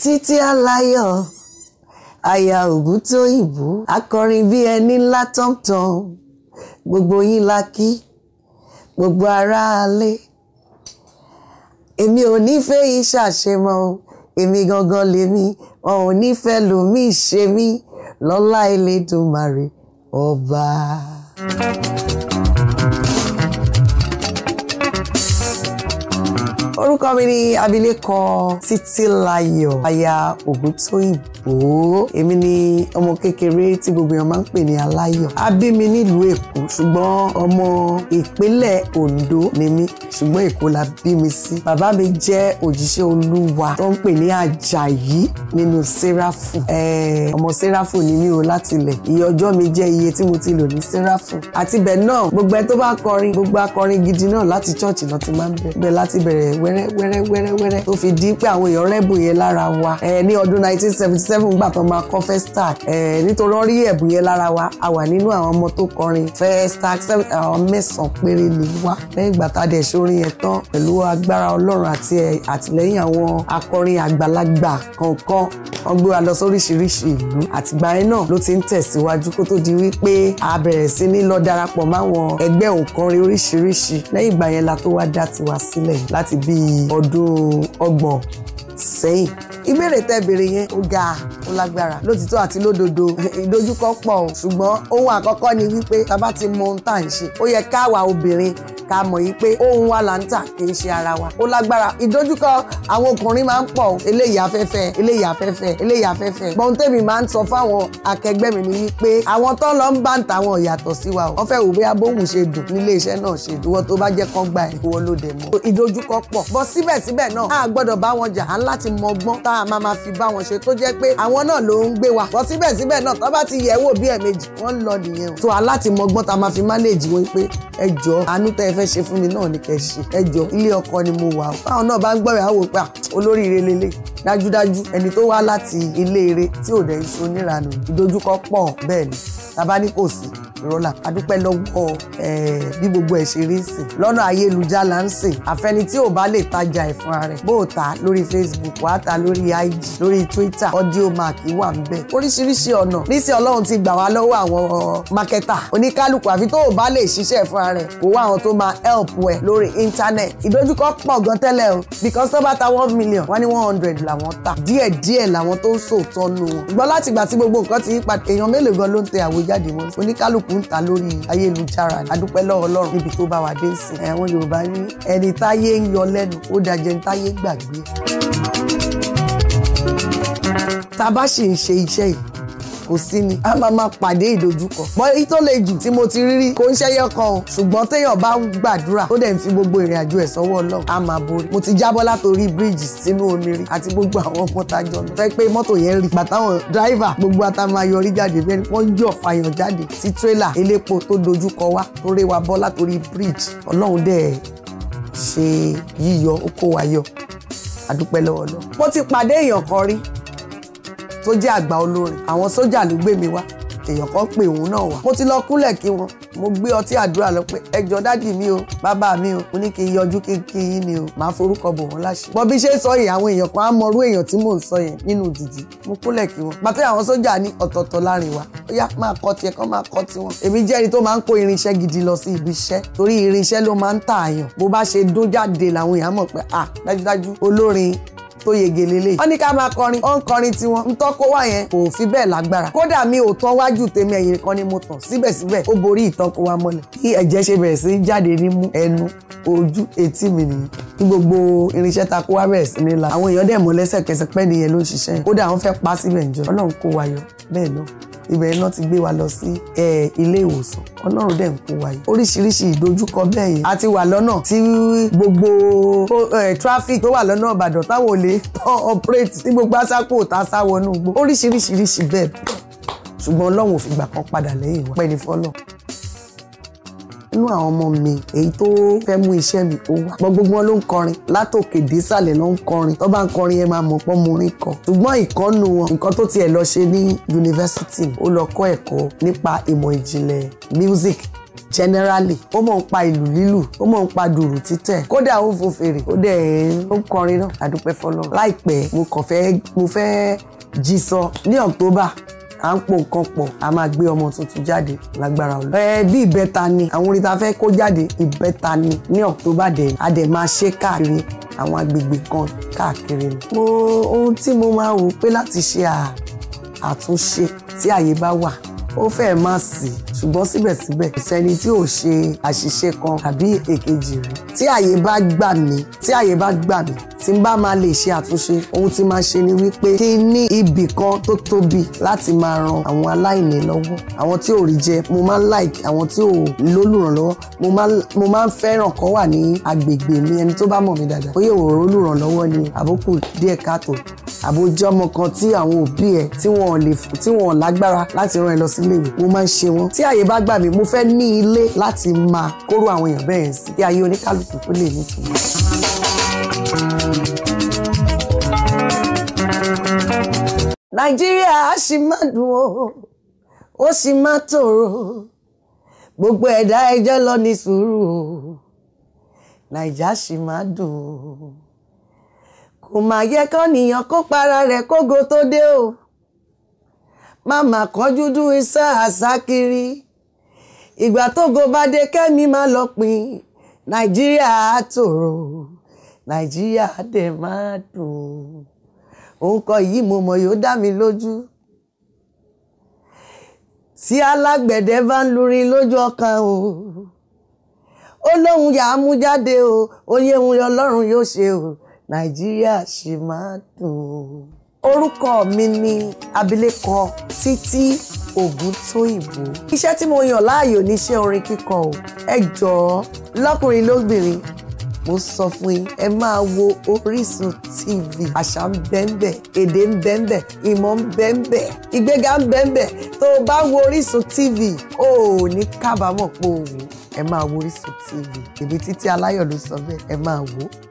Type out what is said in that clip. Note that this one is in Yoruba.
títí aláyọ̀ aya Ògúntóyìnbó akọrin bíi ẹni ńlá tọ̀mtọ̀m gbogbo yín la kí gbogbo aráalé èmi ò nífẹ̀ẹ́ yìí ṣàṣemọ́ èmi gangan lèmi wọn ò nífẹ̀ẹ́ lòmíì ṣe mí lọ́lá Elédùmarè ọba. thank you orúkọ mi ni abilékọ títílayọ̀ aya ògúntóyìnbó èmi ni ọmọ kékeré tí gbogbo èèyàn máa ń pè ní aláyọ̀ a bí mi nílùú èkó ṣùgbọ́n ọmọ ìpínlẹ̀ ondo ni mí ṣùgbọ́n èkó la bí mi sí bàbá mi jẹ́ òjíṣẹ́ olúwa tó ń pè ní àjàyí nínú sẹ́ráfù ọmọ sẹ́ráfù ni mí o láti ilẹ̀ iye ọjọ́ mi jẹ́ iye tí mo ti lò ní sẹ́ráfù àti bẹ̀ náà gbogbo ẹ tó bá wẹ́rẹ́ wẹ́rẹ́ wẹ́rẹ́ wẹ́rẹ́ tó fi di pé àwọn èèyàn rẹ́bù yẹn lára wa ní ọdún 1977 gbà tó máa kọ́ Festac nítorí wọ́n rí ẹ̀bùn yẹn lára wa a wà nínú àwọn ọmọ tó kọrin Festac àwọn mẹ́sàn-án péré ni wá lẹ́yìn ìgbà tá a dẹ̀ ṣorin yẹn tán pẹ̀lú agbára Ọlọ́run àti àtìlẹ́yìn àwọn akọrin àgbàlagbà kọ̀ọ̀kan wọ́n gbé wa lọ sóríṣiríṣi ìlú àtìgbà yẹn náà ló ti ń tẹ̀síwájú kó tó di wípé a bẹ̀rẹ̀ sí ní lọ darapọ̀ máwọn ẹgbẹ́ òǹkọrin oríṣiríṣi lẹ́yìn ìgbà yẹn la tó wá dá tiwa sílẹ̀ láti bí bíi ọdún ọgbọ̀n sẹ́yìn ìbéèrè tẹ́ béèrè yẹn ó ga ó lágbára lótìtọ́ àti lódodo ìdojúkọ pọ̀ ṣùgbọ́n ohun àkọ́kọ́ ni wípé tá bá ti mọ ohun tá à ń ṣe ó yẹ káwa obìnrin ká mọ̀ yìí pé ohun wa là ń tà kì í ṣe ara wa ó lágbára ìdojúkọ àwọn ọkùnrin máa ń pọ̀ eléyìí afẹ́fẹ́ eléyìí afẹ́fẹ́ eléyìí afẹ́fẹ́ gbọ́n tèmi máa ń sọ fáwọn akẹgbẹ́ mi ni wípé àwọn tó lọ ń bá ń tàwọn ìyàtọ̀ sí wa wọ́n fẹ́ wò bí abóhùn ṣe dùn nílé iṣẹ́ náà ṣe dùn wọ́n tó bá jẹ́ kán gba ìwọ ló dẹ̀ mọ́ ìdojúkọ pọ̀ bọ́ síbẹ̀síbẹ̀ náà a gbọ́dọ̀ bá wọn jà á láti mọ ọgbọ́n tá a máa máa máa fi bá wọn ṣe tó jẹ́ pé àwọn náà ló ń gbé wa bọ́ síbẹ̀síbẹ̀ náà tó bá ti yẹ̀ wò bí ẹ̀ẹ̀mejì wọ́n lọ nìyẹn o tó alátìmọ̀gbọ́n ta máa fi mánéèjì wọn pé ẹ jọ àánú tẹ́ ẹ fẹ́ ṣe fún mi náà ni kẹ́ ṣe ẹ jọ ilé ọkọ ni mo wà báwọn náà bá ń gbọ́ ìyàwó pé olóríire lélẹ̀ dájúdájú ẹni tó wá láti ilé ire tí ò dẹ̀ ń ṣonírànù ìdojúkọ pọ̀ bẹ́ẹ̀ ni tàbá kò sí rọ́là adúpẹ́ lọ́wọ́ eh, bí gbogbo ẹ̀ ṣe rí sí lọ́nà ayélujára ń sìn àfẹni tí ò bá lè tajà ẹ̀ fúnra rẹ̀ bó o ta lórí Facebook wàá ta lórí IG lórí Twitter audiomark wà ń bẹ̀ oríṣiríṣi ọ̀nà níṣẹ́ ọlọ́run ti gbà wá lọ́wọ́ àwọn mákẹ́tà oníkálukú àfi tó o bá lè ṣiṣẹ́ fúnra rẹ̀ kó wá àwọn tó máa help ẹ lórí internet ìdojúkọ pọ̀ gan tẹ́lẹ̀ o because tó bá ta one million wọ́n ní one hundred làwọn ta díẹ̀díẹ̀ làwọn tó ń sòótọ́ nu wọn ṣùgbọ́n látìgbà tí gbogbo nǹkan ti yípadà èèyàn mélòó gan ló ń tẹ àwòjáde wọn oníkálukú ń ta lórí ayélujára adúpẹ́ lọ́wọ́ ọlọ́run níbi tó bá wa dé sí àwọn yorùbá ní ẹni táyé ń yọ lẹ́nu ó dajẹ́ ní táyé gbàgbé tá a bá sì ń ṣe iṣẹ́ yìí kò sí ni a máa máa pàdé ìdojúkọ bọ́ èyí tó le jù tí mo ti rí rí kò ń ṣẹyọ kan o ṣùgbọ́n téèyàn bá ń gbàdúrà tó dẹ̀ ń fi gbogbo ìrìn àjò ẹ̀ sọ́wọ́ ọlọ́run a máa borí mo ti jábọ́ látòrí bíríìjì sínú omi rí àti gbogbo àwọn ọmọ tajọ lọ fẹ́ pé mọ́tò yẹn rí bàtàwọn dráìvà gbogbo atamayọrí jáde bẹ́ẹ̀ wọ́n yọ̀ fàyàn jáde sí tírélà elépo tó dojúkọ wa tó ré wa bọ́ látòrí bíríìjì ọlọ́run dẹ̀ ṣe yíyọ ó kó wa yọ àdúpẹ́ lọ́wọ́ lọ. mo ti pàdé èèyàn kan rí tó jẹ́ àgbà olórin àwọn sójà ló gbé mi wá èèyàn kan pè òun náà wá mo ti lọ kúnlẹ̀ kí wọn mo gbé ọtí àdúrà lọ pé ẹjọ́ dádì mi o bàbá mi o mo ní kí n yọjú kí n kí yín ni o màá forúkọ bò wọ́n láṣẹ. bọ́ bí ṣe ń sọ yìí àwọn èèyàn kan á mọrú èèyàn tí mò ń sọ yẹn nínú jìjì mo kúnlẹ̀ kí wọn. pàtẹ́ àwọn sójà ní ọ̀tọ̀ọ̀tọ̀ láàrin wa ó yá máa kọ́ tiẹ̀ kán máa kọ́ tiwọn. èmi jẹ́ ẹni tó máa ń kó irinṣẹ́ gidi lọ sí ibi iṣẹ́ torí irinṣẹ́ ló máa ń tà àyàn bó bá ṣe dún jáde làwọn èèyàn mọ̀ pé à dájúdájú olórin tó yege lélẹ̀ wọ́n ní ká máa kọrin ó ń kọrin tiwọn ń tọ́kọ wá yẹn kò fi bẹ́ẹ̀ lágbára kódà mi ò tán wájú tèmi ẹ̀yìn kan ni mo tàn síbẹ̀síbẹ̀ ó borí ìtọ́kọ wa mọ́lẹ̀ kí ẹ̀jẹ̀ ṣe bẹ̀rẹ̀ sí jáde nímú ẹnu ojú etí mi nìyí kí gbogbo irinṣẹ́ ta kó wá bẹ̀rẹ̀ sí ní la àwọn èèyàn dẹ̀ mọ́ lẹ́sẹ̀kẹsẹ̀ pẹ́ nìyẹn ló ń ṣiṣẹ́ kódà wọ́n fẹ́ pa síbẹ̀ ǹjọ́ ọlọ́run kó wa yọ bẹ́ẹ̀ náà ibẹ̀ iná ti gbé wa lọ sí eh, ilé ìwòsàn ọlọ́run dẹ̀ ń kó wa yìí oríṣiríṣi ìdojúkọ bẹ́ẹ̀ yẹn a ti wà lọ́nà tí gbogbo eh, traffic tó wà lọ́nà ìbàdàn táwọn ò lè operate tí gbogbo asápò tá a sá wọnú gbó oríṣiríṣiríṣi bẹ́ẹ̀ ṣùgbọ́n ọlọ́run ò fìgbà kan padà lẹ́yìn wa pẹ́ni fọ́lọ́ inú àwọn ọmọ mi èyí tó fẹ́ mú iṣẹ́ mi ó wà gbogbo wọn ló ń kọrin látòkè dísàlẹ̀ ló ń kọrin tó bá ń kọrin ẹ máa mọ̀ pọ́n mo rí kọ ṣùgbọ́n ìkọ́nu wọn nǹkan tó tiẹ̀ lọ ṣe ní yunifásitì ó lọ kọ́ ẹ̀kọ́ nípa ìmọ̀ ìjìnlẹ̀ music generally ó mọ̀ ń pa ìlù lílù ó mọ̀ ń pa dùrù títẹ̀ kódà ó fò fèrè ó dẹ̀ ó ń kọrin náà àdúpẹ́ fọlọ́run láìpẹ́ mo kàn fẹ́ mo fẹ́ jí sọ ní October à ń po nǹkan pọ̀ a máa gbé ọmọ tuntun jáde lágbára ọ̀la. ẹ bí ìbẹ́ta ni àwọn orin ta fẹ́ kó jáde ìbẹ́ta ni ní October dẹ̀ a dẹ̀ máa ṣe káàkiri àwọn agbègbè kan káàkiri ni. mo ohun tí mo máa wò pé láti ṣe àtúnṣe tí àyè bá wà ó fẹ́ẹ̀ má sí ṣùgbọ́n síbẹ̀síbẹ̀ kò sẹ́ni tí ò ṣe àṣìṣe kan tàbí èkejì rí tí àyè bá gbà mí tí àyè bá gbà mí tí n bá máa lè ṣe àtúnṣe ohun tí máa ṣe ni wípé kí n ní ibì kan tó tóbi láti máa ran àwọn aláìní lọ́wọ́ àwọn tí ò rí jẹ mo máa ń like àwọn tí ò lólùrànlọ́wọ́ mo máa ń fẹ́ràn kó wà ní agbègbè mi ẹni tó bá mọ̀ mí dáadáa ó yẹ òróró lùrànlọ́wọ́ ni àbókù díẹ̀ káàtó àbójọ́mọ kan tí àwọn òbí ẹ̀ tí wọ́n lè lágbára láti rán ẹ lọ sílé ìwé mo máa ń ṣe wọ́n tí àyè bá gbà mí mo fẹ́ ní ilé láti máa kóró àwọn èèyàn bẹ́ẹ̀ sí kí ayé oníkálukú kó lè nítumọ̀. nàìjíríà á sì máa dùn ó ó sì máa tòrò gbogbo ẹ̀dá ẹjọ́ lọ ní sùúrù o nàìjà sì máa dùn ó. kò máa yẹ kọ́nìyàn kó para rẹ̀ kógo tó dé o màmá kọjú dún iṣẹ́ àṣà kiri ìgbà tógo bá dé kẹ́mi máa lọ pin nàìjíríà á tòrò nàìjíríà á dẹ̀ máa dùn òun kọ yìí mo mọ̀ yóò dá mi lójú tí alágbẹ̀dẹ bá ń lurin lójú ọkàn o ó lóun yà á mú jáde o oyè òun ọlọ́run yóò ṣe o. nàìjíríà ṣì máa dùn. orúkọ mi ni abilékọ títí ògúntóyìnbó. iṣẹ́ tí mo yàn láàyò ní iṣẹ́ orin kíkọ o ẹ jọ̀ọ́ lọ́kùnrin lóbìnrin mo sọ fún yín ẹ máa wo Orísun TV àṣà ń bẹ́ńbẹ́ èdè ń bẹ́ńbẹ́ ìmọ̀ ń bẹ́ńbẹ́ ìgbéga ń bẹ́ńbẹ́ tó o bá wo Orísun TV o ò ní kábàámọ̀ pé o ẹ máa wo Orísun TV èmi Títí Aláyọ̀ ló sọ bẹ́ẹ̀ ẹ máa wò ó.